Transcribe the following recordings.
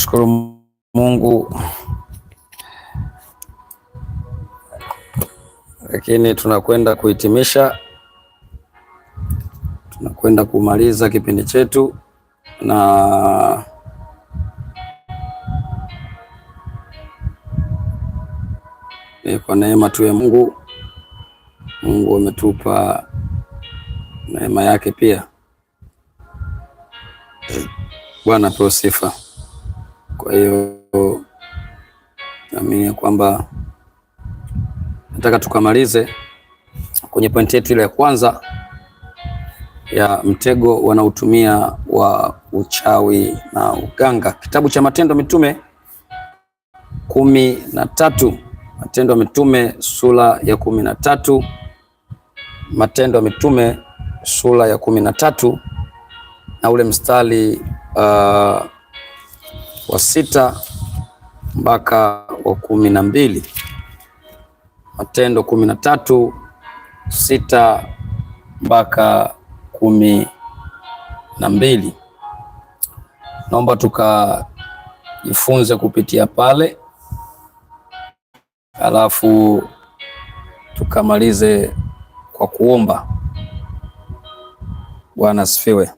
Tunamshukuru Mungu, lakini tunakwenda kuhitimisha, tunakwenda kumaliza kipindi chetu na ni kwa neema tu ya Mungu. Mungu ametupa neema yake pia. Bwana tuosifa sifa. Kwa hiyo naamini kwamba nataka tukamalize kwenye pointi yetu ile ya kwanza ya mtego wanaotumia wa uchawi na uganga, kitabu cha Matendo Mitume kumi na tatu Matendo ya Mitume sura ya kumi na tatu Matendo ya Mitume sura ya kumi na tatu na ule mstari uh, wa sita mpaka wa kumi na mbili. Matendo kumi na tatu sita mpaka kumi na mbili. Naomba tukajifunze kupitia pale, alafu tukamalize kwa kuomba. Bwana asifiwe.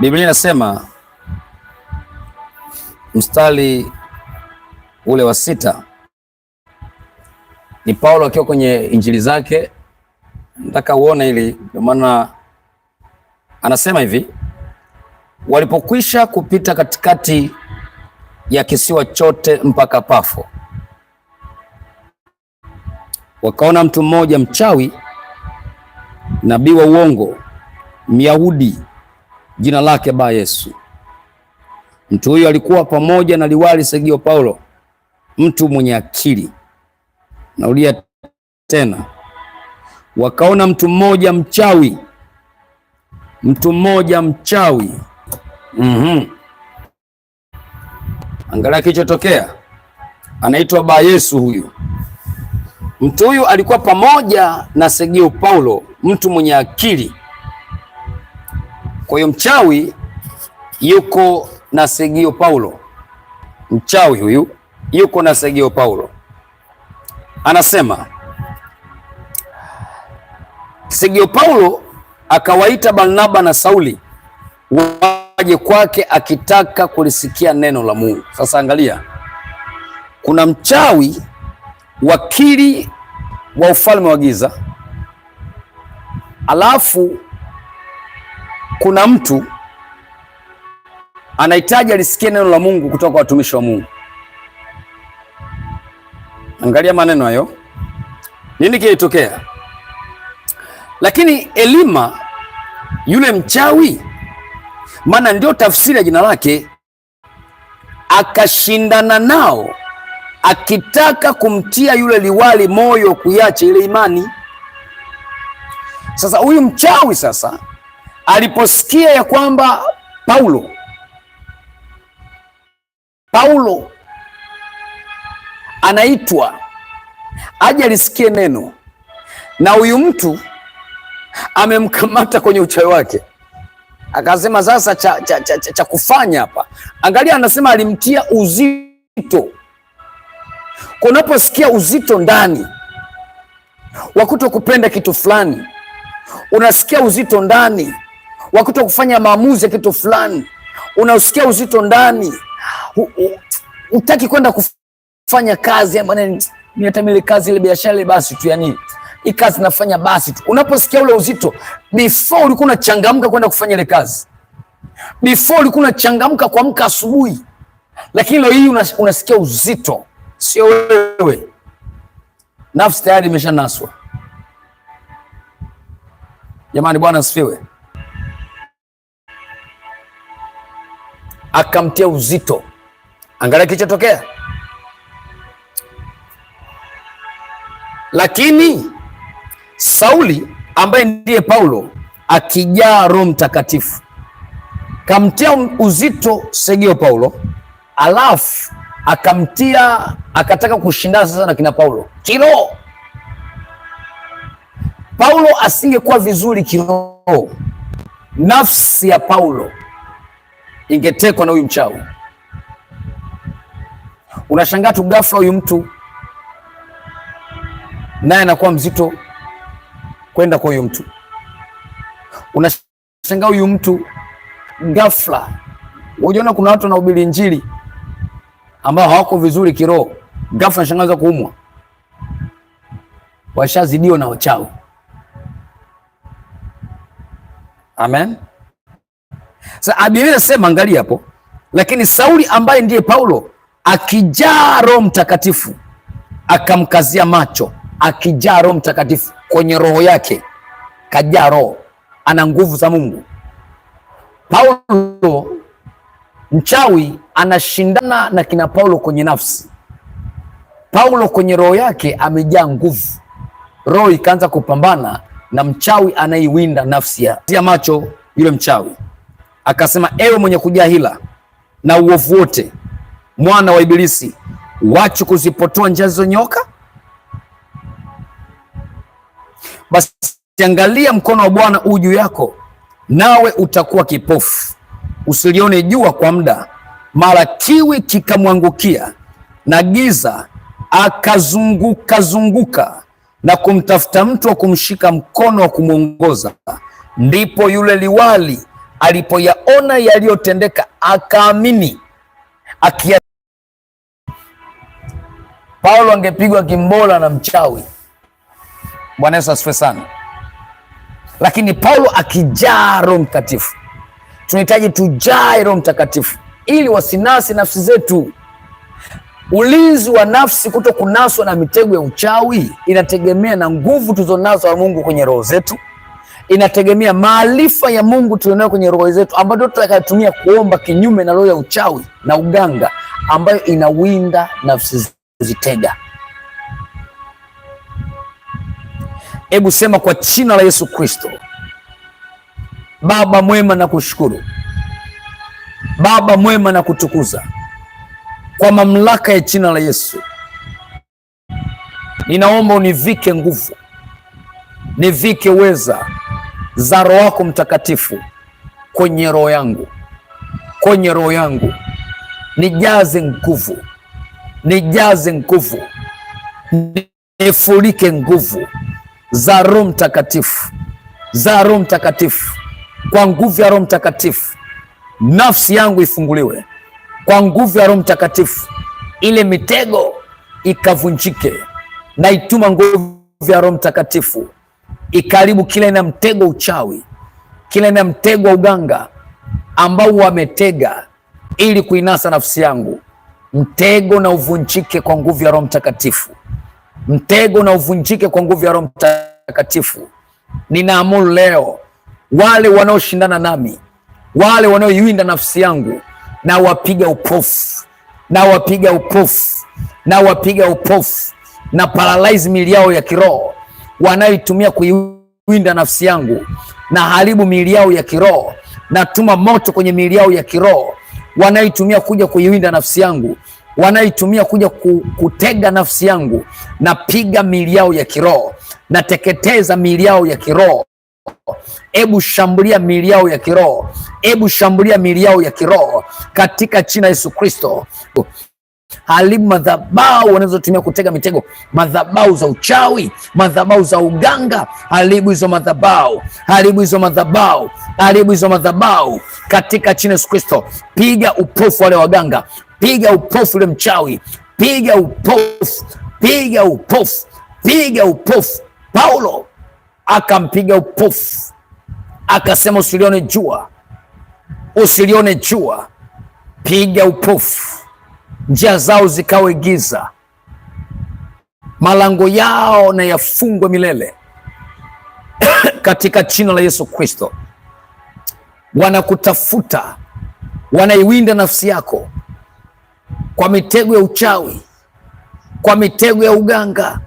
Biblia inasema mstari ule wa sita ni Paulo akiwa kwenye injili zake. Nataka uone hili, ndio maana anasema hivi: walipokwisha kupita katikati ya kisiwa chote mpaka Pafo, wakaona mtu mmoja mchawi, nabii wa uongo, Myahudi, jina lake ba Yesu Mtu huyo alikuwa pamoja na liwali Sergio Paulo, mtu mwenye akili. Naulia tena, wakaona mtu mmoja mchawi, mtu mmoja mchawi. mm-hmm. Angalia kilichotokea, anaitwa Ba Yesu huyu. Mtu huyu alikuwa pamoja na Sergio Paulo, mtu mwenye akili. Kwa hiyo mchawi yuko na Sergio Paulo. Mchawi huyu yuko na Sergio Paulo, anasema Sergio Paulo akawaita Barnaba na Sauli waje kwake akitaka kulisikia neno la Mungu. Sasa angalia, kuna mchawi, wakili wa ufalme wa giza, alafu kuna mtu anahitaji alisikie neno la Mungu kutoka kwa watumishi wa Mungu. Angalia maneno hayo, nini kilitokea? Lakini Elima yule mchawi, maana ndio tafsiri ya jina lake, akashindana nao akitaka kumtia yule liwali moyo kuiacha ile imani. Sasa huyu mchawi sasa aliposikia ya kwamba Paulo Paulo anaitwa aje alisikie neno, na huyu mtu amemkamata kwenye uchawi wake, akasema sasa cha, cha, cha, cha, cha kufanya hapa. Angalia, anasema alimtia uzito. Kunaposikia uzito ndani wa kupenda kitu fulani, unasikia uzito ndani wa kufanya maamuzi ya kitu fulani, unasikia uzito ndani utaki kwenda kufanya kazi bwana, niatamile kazi ile biashara ile, basi tu yani hii kazi nafanya basi tu. Unaposikia ule uzito, before ulikuwa unachangamka kwenda kufanya ile kazi, before ulikuwa unachangamka kuamka asubuhi, lakini leo hii unasikia uzito, sio wewe, nafsi tayari imeshanaswa. Jamani, Bwana asifiwe. akamtia uzito. Angalia kilichotokea. Lakini Sauli ambaye ndiye Paulo akijaa Roho Mtakatifu kamtia uzito Sergio Paulo, alafu akamtia akataka kushindana sasa na kina Paulo kiroho. Paulo asingekuwa vizuri kiroho, nafsi ya Paulo ingetekwa na huyu mchawi. Unashangaa tu ghafla huyu mtu naye anakuwa mzito kwenda kwa huyu mtu. Unashangaa huyu mtu ghafla, unajiona kuna watu wanahubiri Injili ambao hawako vizuri kiroho, ghafla nashangaza kuumwa, washazidiwa na wachawi. Amen. Sasa Biblia inasema, angalia hapo, lakini Sauli ambaye ndiye Paulo akijaa Roho Mtakatifu akamkazia macho, akijaa Roho Mtakatifu kwenye roho yake, kajaa roho, ana nguvu za Mungu. Paulo mchawi anashindana na kina Paulo kwenye nafsi. Paulo kwenye roho yake amejaa nguvu, roho ikaanza kupambana na mchawi anaiwinda nafsi ya macho yule mchawi akasema, ewe mwenye kujaa hila na uovu wote, mwana wa Ibilisi, wacha kuzipotoa njia zilizonyoka. Basi angalia mkono wa Bwana huu juu yako, nawe utakuwa kipofu, usilione jua kwa muda, mara kiwi kikamwangukia na giza, akazunguka zunguka na kumtafuta mtu wa kumshika mkono wa kumwongoza. Ndipo yule liwali alipoyaona yaliyotendeka akaamini akia. Paulo angepigwa kimbola na mchawi. Bwana Yesu asifiwe sana. Lakini Paulo akijaa Roho Mtakatifu. Tunahitaji tujae Roho Mtakatifu ili wasinasi nafsi zetu. Ulinzi wa nafsi kuto kunaswa na mitego ya uchawi inategemea na nguvu tulizonazo wa Mungu kwenye roho zetu inategemea maarifa ya Mungu tulionayo kwenye roho zetu, ambayo tutakayotumia kuomba kinyume na roho ya uchawi na uganga ambayo inawinda nafsi zitega. Hebu sema kwa jina la Yesu Kristo. Baba mwema, na kushukuru Baba mwema, na kutukuza kwa mamlaka ya jina la Yesu. Ninaomba univike nguvu, nivike weza za Roho wako Mtakatifu kwenye roho yangu, kwenye roho yangu, nijaze nguvu, nijaze nguvu, nifurike nguvu za Roho Mtakatifu, za Roho Mtakatifu. Kwa nguvu ya Roho Mtakatifu nafsi yangu ifunguliwe, kwa nguvu ya Roho Mtakatifu ile mitego ikavunjike. Naituma nguvu ya Roho Mtakatifu ikaribu kila ina mtego uchawi, kila ina mtego wa uganga ambao wametega ili kuinasa nafsi yangu. Mtego na uvunjike kwa nguvu ya Roho Mtakatifu, mtego na uvunjike kwa nguvu ya Roho Mtakatifu. Ninaamuru leo wale wanaoshindana nami, wale wanaoiwinda nafsi yangu, na wapiga upofu, na wapiga upofu, na wapiga upofu, na paralyze mili yao ya kiroho wanayoitumia kuiwinda nafsi yangu, na haribu miili yao ya kiroho, natuma moto kwenye miili yao ya kiroho, wanayoitumia kuja kuiwinda nafsi yangu, wanayoitumia kuja kutega nafsi yangu, napiga miili yao ya kiroho, nateketeza miili yao ya kiroho. Ebu shambulia miili yao ya kiroho, ebu shambulia miili yao ya kiroho katika jina Yesu Kristo haribu madhabau wanazotumia kutega mitego, madhabau za uchawi, madhabau za uganga. Haribu hizo madhabau, haribu hizo madhabau, haribu hizo madhabau katika jina Yesu Kristo. Piga upofu wale waganga, piga upofu ule mchawi, piga upofu, piga upofu, piga upofu. Paulo akampiga upofu, akasema usilione jua, usilione jua. Piga upofu njia zao zikawe giza, malango yao na yafungwe milele katika jina la Yesu Kristo. Wanakutafuta, wanaiwinda nafsi yako kwa mitego ya uchawi, kwa mitego ya uganga.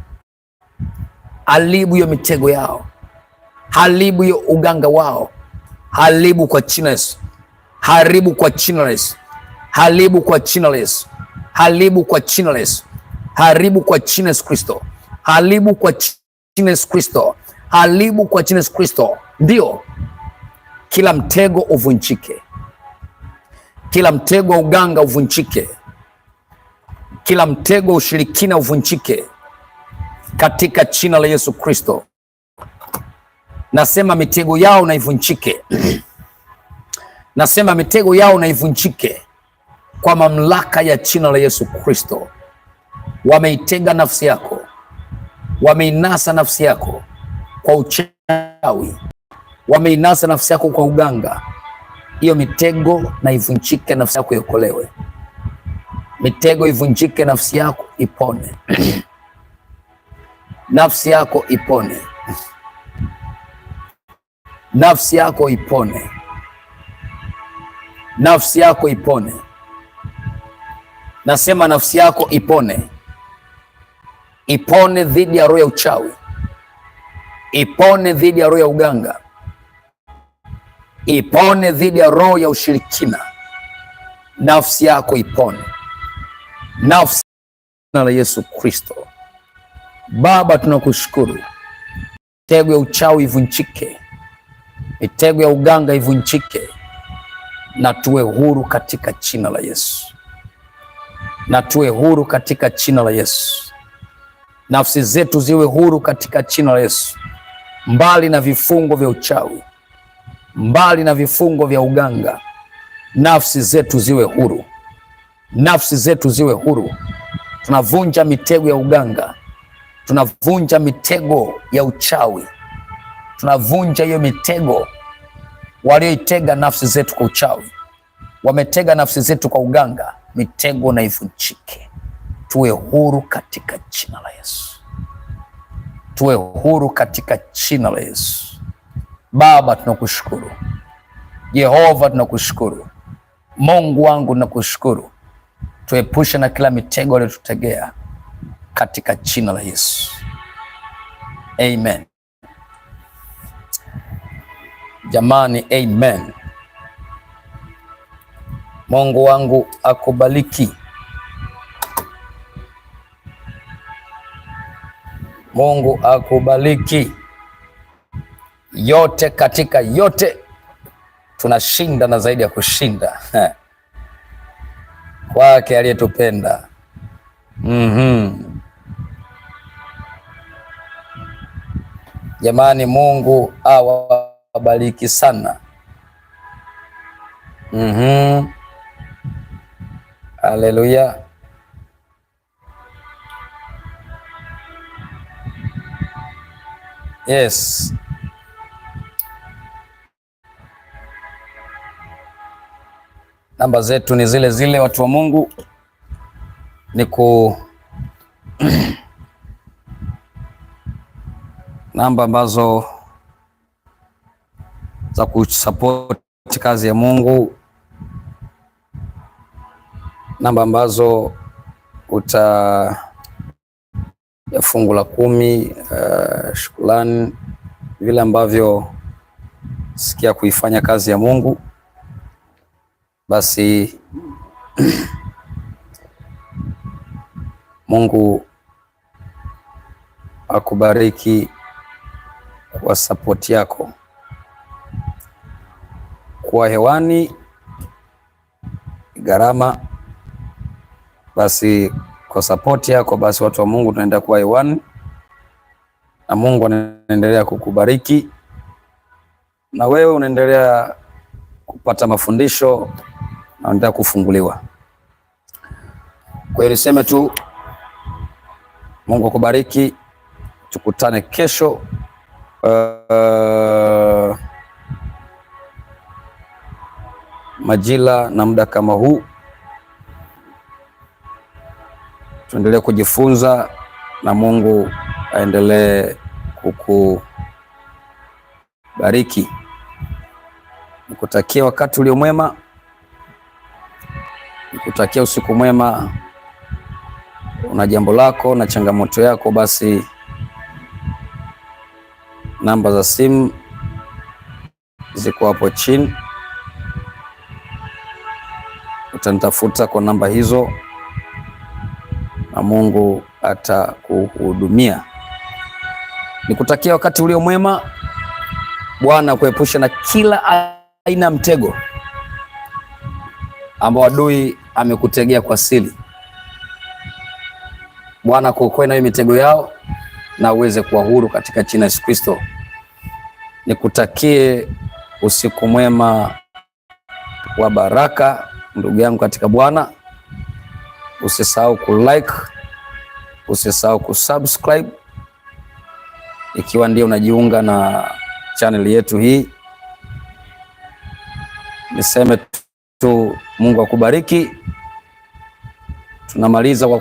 Haribu hiyo mitego yao, haribu hiyo uganga wao, haribu kwa jina la Yesu, haribu kwa jina la Yesu, haribu kwa jina la Yesu haribu kwa jina la Yesu, haribu kwa jina Yesu Kristo, haribu kwa jina Yesu Kristo, haribu kwa jina Yesu Kristo. Ndio, kila mtego uvunjike, kila mtego wa uganga uvunjike, kila mtego wa ushirikina uvunjike katika jina la Yesu Kristo. Nasema mitego yao naivunjike nasema mitego yao na kwa mamlaka ya jina la Yesu Kristo. Wameitega nafsi yako, wameinasa nafsi yako kwa uchawi, wameinasa nafsi yako kwa uganga. Hiyo mitego na ivunjike, nafsi yako iokolewe. Mitego ivunjike, nafsi yako ipone nafsi yako ipone, nafsi yako ipone, nafsi yako ipone. Nasema nafsi yako ipone, ipone dhidi ya roho ya uchawi, ipone dhidi ya roho ya uganga, ipone dhidi ya roho ya ushirikina. Nafsi yako ipone, nafsi na la Yesu Kristo. Baba, tunakushukuru. Mitego ya uchawi ivunjike, mitego ya uganga ivunjike, na tuwe huru katika jina la Yesu na tuwe huru katika jina la Yesu. Nafsi zetu ziwe huru katika jina la Yesu, mbali na vifungo vya uchawi, mbali na vifungo vya uganga. Nafsi zetu ziwe huru, nafsi zetu ziwe huru. Tunavunja mitego ya uganga, tunavunja mitego ya uchawi, tunavunja hiyo mitego walioitega nafsi zetu kwa uchawi, wametega nafsi zetu kwa uganga mitego na ivunjike, tuwe huru katika jina la Yesu, tuwe huru katika jina la Yesu. Baba, tunakushukuru Yehova, tunakushukuru Mungu wangu, tunakushukuru tuepushe na kila mitego aliyotutegea katika jina la Yesu, amen. Jamani, amen. Mungu wangu akubariki. Mungu akubariki. Yote katika yote tunashinda na zaidi ya kushinda kwake aliyetupenda. mm -hmm. Jamani, Mungu awabariki sana. mm -hmm. Haleluya. Yes. Namba zetu ni zile zile, watu wa Mungu, ni ku namba ambazo za kusapoti kazi ya Mungu namba ambazo uta ya fungu la kumi uh, shukrani vile ambavyo sikia kuifanya kazi ya Mungu basi Mungu akubariki kwa sapoti yako kuwa hewani gharama basi kwa sapoti yako, basi watu wa Mungu tunaenda kuwa hewani na Mungu anaendelea kukubariki na wewe unaendelea kupata mafundisho na unaendelea kufunguliwa. Kwa hiyo niseme tu Mungu akubariki, tukutane kesho uh, majila na muda kama huu. tuendelee kujifunza na Mungu aendelee kukubariki. Nikutakia wakati ulio mwema, nikutakia usiku mwema. Una jambo lako na changamoto yako, basi namba za simu ziko hapo chini, utanitafuta kwa namba hizo na Mungu atakuhudumia. Nikutakia wakati ulio mwema. Bwana kuepusha na kila aina mtego ambao adui amekutegea kwa siri. Bwana kuokoe nayo mitego yao na uweze kuwa huru katika jina Yesu Kristo. Nikutakie usiku mwema wa baraka ndugu yangu katika Bwana. Usisahau kulike, usisahau kusubscribe ikiwa ndio unajiunga na channel yetu hii. Niseme tu Mungu akubariki. Tunamaliza kwa